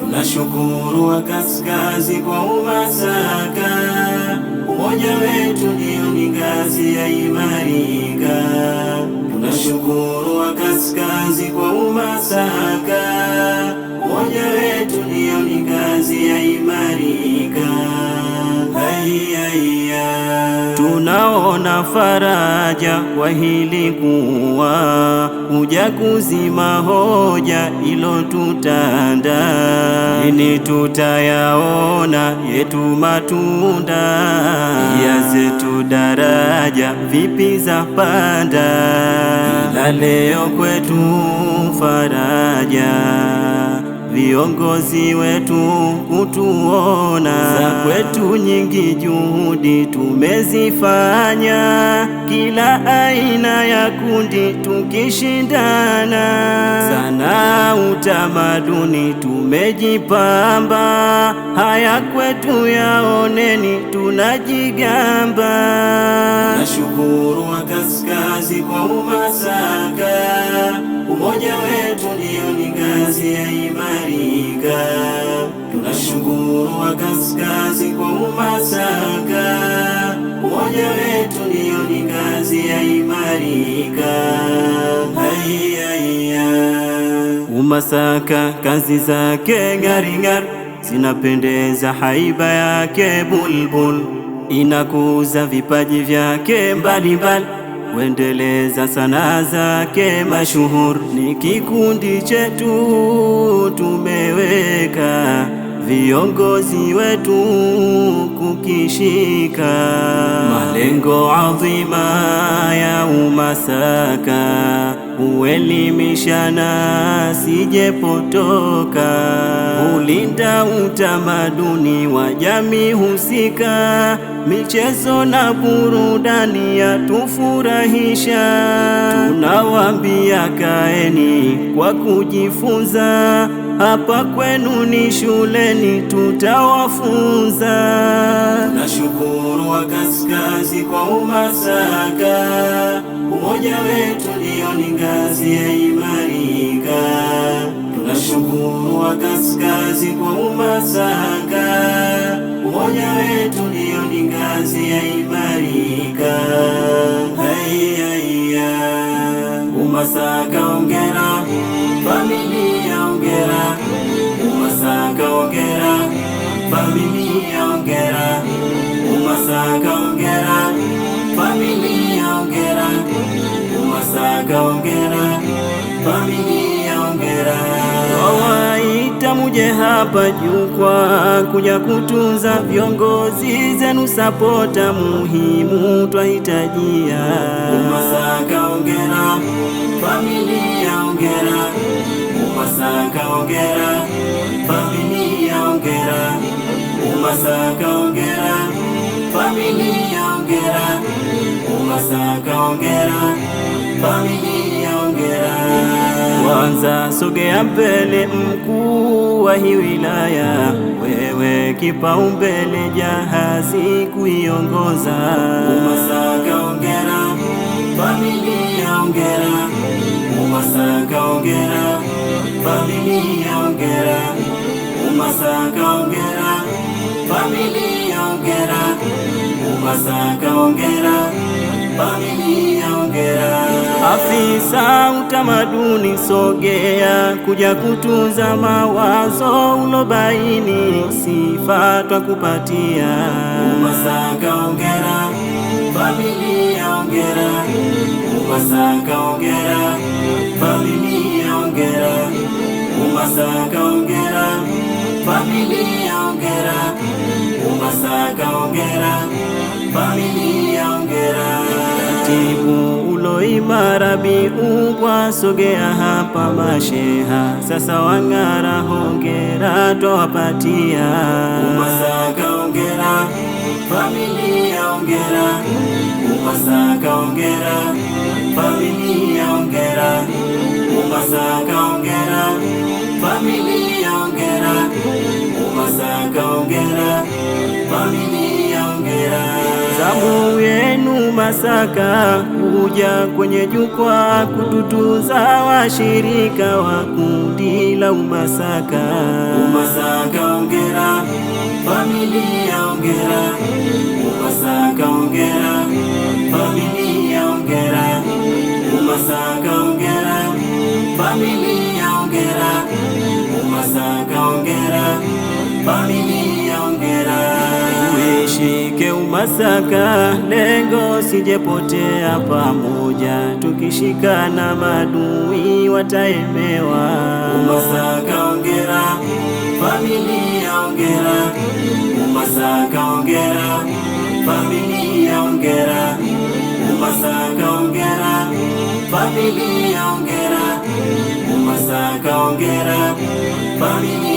Tunashukuru wa Kaskazi kwa umasaka, umoja wetu ndio ni ngazi ya imarika. Tunashukuru wa Kaskazi kwa umasaka faraja wahili kuwa kuja kuzima hoja ilo tutanda ini tutayaona yetu matunda ya zetu daraja vipi za panda ila leo kwetu faraja viongozi wetu kutuona. Za kwetu nyingi juhudi tumezifanya, kila aina ya kundi tukishindana. Sana utamaduni tumejipamba, haya kwetu yaoneni tunajigamba. Nashukuru wakaskazi kwa Umasaka, umoja wetu ndio Pasaka, umoja wetu ndiyo ni kazi ya imarika. umasaka, kazi zake ngaringar zinapendeza, haiba yake bulbul inakuza vipaji vyake mbalimbali kuendeleza sanaa zake mashuhur ni kikundi chetu tumeweka viongozi wetu kukishika malengo adhima ya umasaka kuelimisha na sijepotoka ulinda utamaduni wa jamii husika michezo na burudani yatufurahisha Akawaambia, kaeni kwa kujifunza, hapa kwenu ni shuleni, tutawafunza. Nashukuru wakaskazi kwa umasaka, umoja wetu ndiyo ni ngazi ya imarika. Tunashukuru wakaskazi kwa umasaka, umoja wetu ndiyo ni ngazi ya imarika. Masaka, ongera familia, ongera Masaka, ongera familia, ongera Masaka, ongera familia, ongera Masaka, ongera familia moja muje hapa jukwaa kuja kutunza viongozi zenu, sapota muhimu twahitajia. Umasaka ongera, familia ongera, Umasaka ongera, familia ongera, Umasaka ongera, familia ongera, Umasaka ongera, familia ongera Mwanza, sogea mbele, mkuu wa hii wilaya, wewe kipaumbele, jahazi kuiongoza. Umasaka ongera, familia ongera, Umasaka ongera, familia ongera, Umasaka ongera, familia ongera, Umasaka ongera Afisa utamaduni, sogea kuja kutunza mawazo ulobaini, sifa kupatia. Umasaka ongera, familia ongera, Umasaka ongera, familia ongera, Umasaka ongera, familia ongera, Umasaka ongera Tibu uloima rabi ubwa sogea hapa masheha sasa wang'ara hongera twawapatia Umasaka ongera familia ongera Umasaka ongera familia ongera Umasaka ongera familia ongera Umasaka ongera familia Mambo yenu Masaka, kuja kwenye jukwaa kututuza washirika wa kundi la Umasaka. Umasaka ongera, familia ongera, Umasaka ongera, familia ongera, Umasaka ongera, familia ongera, Umasaka ongera, familia Masaka lengo sijepotea, pamoja tukishikana madui wataemewa. Masaka ongera, familia ongera, Masaka ongera, familia ongera, Masaka ongera, familia ongera, Masaka ongera, familia